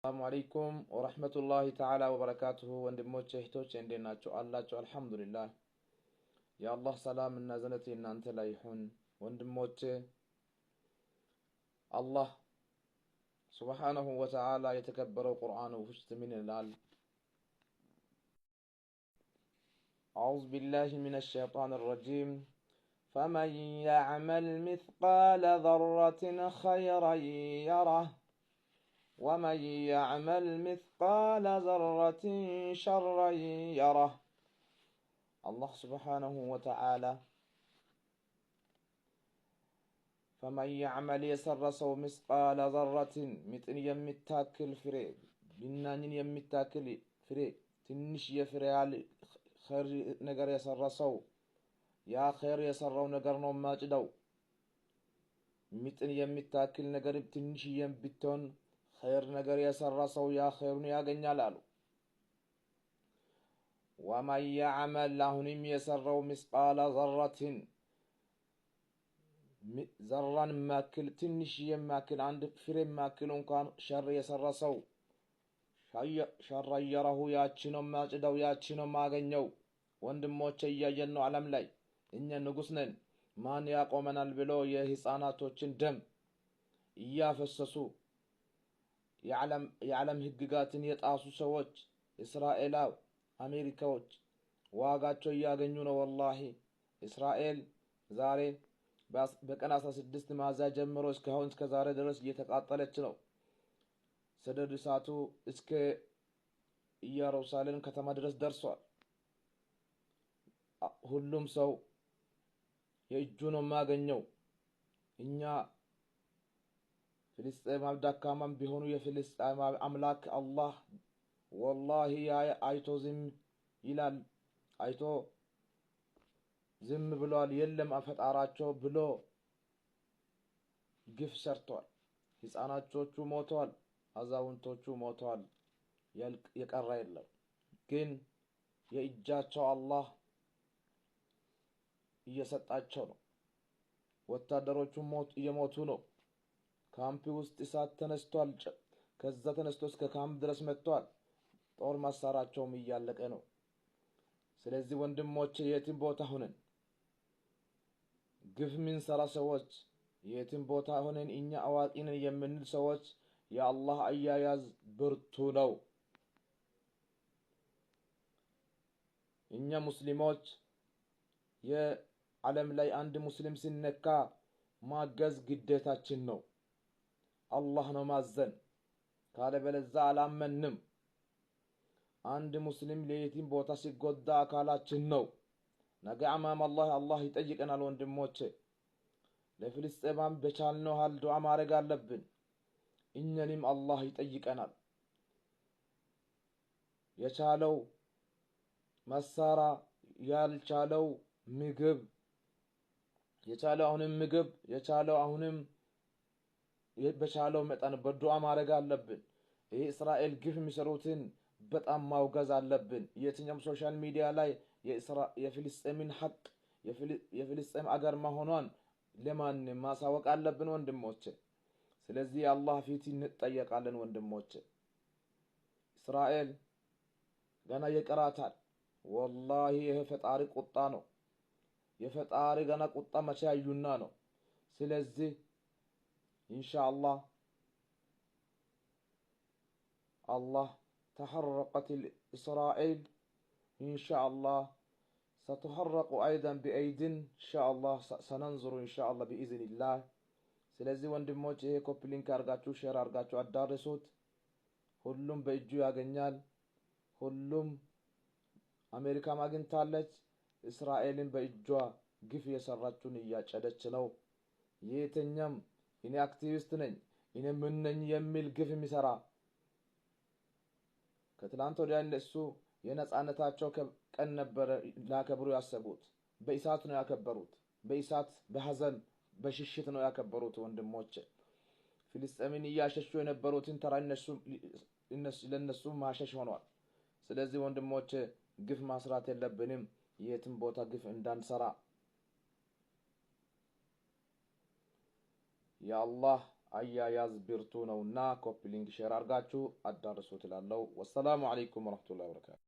السلام عليكم ورحمة الله تعالى وبركاته عند موجة توجة عندنا الله الحمد لله يا الله سلام من النازلتي إن أنت لايحون وعند موجة الله سبحانه وتعالى يتكبر القرآن وفشت من الآل أعوذ بالله من الشيطان الرجيم فمن يعمل مثقال ذرة خيرا يره ومن يعمل مثقال ذرة شرا يره الله سبحانه وتعالى فمن يعمل يسر سو مثقال ذرة متن يمتاكل فري بنانين يمتاكل ፍሬ ትንሽ የፍሬ ያህል ኸይር ነገር የሰራ ሰው ያ ኸይር የሰራው ነገር ነው ማጭደው ሚጥን የሚታክል ነገር ትንሽዬም ብትሆን ኸይር ነገር የሰራ ሰው ያ ኸይሩን ያገኛል አሉ። ወመን ያዕመል አሁንም የሰራው ምስቃለ ዘራትን ዘራን ማክል ትንሽ የማክል አንድ ፍሬ ማክል እንኳን ሸር የሰራ ሰው ሸረየረሁ ያቺ ነው ማጭደው ያቺ ነው ማገኘው። ወንድሞቼ እያየን ነው ዓለም ላይ እኛ ንጉስ ነን ማን ያቆመናል ብሎ የህፃናቶችን ደም እያፈሰሱ የዓለም ህግጋትን የጣሱ ሰዎች እስራኤላው አሜሪካዎች ዋጋቸው እያገኙ ነው። ወላሂ እስራኤል ዛሬ በቀን 16 ማዛ ጀምሮ እስካሁን እስከ ዛሬ ድረስ እየተቃጠለች ነው። ሰደድ እሳቱ እስከ ኢየሩሳሌም ከተማ ድረስ ደርሷል። ሁሉም ሰው የእጁ ነው የማገኘው። እኛ ፍልስጤማዊ ደካማም ቢሆኑ የፍልስጤማዊ አምላክ አላህ ወላሂ አይቶ ዝም ይላል። አይቶ ዝም ብሏል። የለም አፈጣራቸው ብሎ ግፍ ሰርቷል። ህፃናቾቹ ሞተዋል። አዛውንቶቹ ሞተዋል። የቀረ የለም። ግን የእጃቸው አላህ እየሰጣቸው ነው። ወታደሮቹ እየሞቱ ነው። ካምፕ ውስጥ እሳት ተነስቷል። ከዛ ተነስቶ እስከ ካምፕ ድረስ መጥቷል። ጦር መሳሪያቸውም እያለቀ ነው። ስለዚህ ወንድሞች የትም ቦታ ሆነን ግፍ ምንሰራ ሰዎች የትም ቦታ ሆነን እኛ አዋቂ ነን የምንል ሰዎች የአላህ አያያዝ ብርቱ ነው። እኛ ሙስሊሞች የዓለም ላይ አንድ ሙስሊም ሲነካ ማገዝ ግዴታችን ነው። አላህ ነው ማዘን። ካለበለዛ አላመንም። አንድ ሙስሊም ለየቲም ቦታ ሲጎዳ አካላችን ነው። ነገ አማም አላህ አላህ ይጠይቀናል። ወንድሞቼ ለፍልስጤማም በቻልነው ሃል ዱዓ ማድረግ አለብን። እኛንም አላህ ይጠይቀናል። የቻለው መሳራ፣ ያልቻለው ምግብ፣ የቻለው አሁንም ምግብ፣ የቻለው አሁንም በቻለው መጠን በዱዓ ማድረግ አለብን። ይህ እስራኤል ግፍ የሚሰሩትን በጣም ማውገዝ አለብን። የትኛውም ሶሻል ሚዲያ ላይ የፍልስጤምን ሀቅ የፍልስጤም አገር መሆኗን ለማንም ማሳወቅ አለብን ወንድሞቼ። ስለዚህ የአላህ ፊት እንጠየቃለን ወንድሞቼ። እስራኤል ገና ይቀራታል። ወላሂ ይህ ፈጣሪ ቁጣ ነው። የፈጣሪ ገና ቁጣ መቼ ያዩና ነው። ስለዚህ İnşallah Allah تحرقت إسرائيل إن شاء الله ستحرق أيضا بأيد إن شاء الله سننظر إن شاء الله بإذن الله ስለዚህ ወንድሞች ይሄ ኮፒ ሊንክ አርጋችሁ ሼር አርጋችሁ አዳርሱት ሁሉም በእጁ ያገኛል ሁሉም አሜሪካም አግኝታለች እስራኤልን በእጇ ግፍ የሰራችውን እያጨደች ነው የትኛም እኔ አክቲቪስት ነኝ እኔ ምን ነኝ የሚል ግፍ የሚሰራ ከትላንት ወዲያ እነሱ የነጻነታቸው ቀን ነበረ ላከብሩ ያሰቡት። በእሳት ነው ያከበሩት። በእሳት በሐዘን በሽሽት ነው ያከበሩት። ወንድሞች ፊልስጤምን እያሸሹ የነበሩትን ተራ ለእነሱ ማሸሽ ሆኗል። ስለዚህ ወንድሞች ግፍ ማስራት የለብንም። የትም ቦታ ግፍ እንዳንሰራ የአላህ አያያዝ ብርቱ ነውና ኮፒ ሊንክ ሼር አድርጋችሁ አዳርሱት እላለሁ። ወሰላሙ አለይኩም ወረህመቱላሂ ወበረካቱ።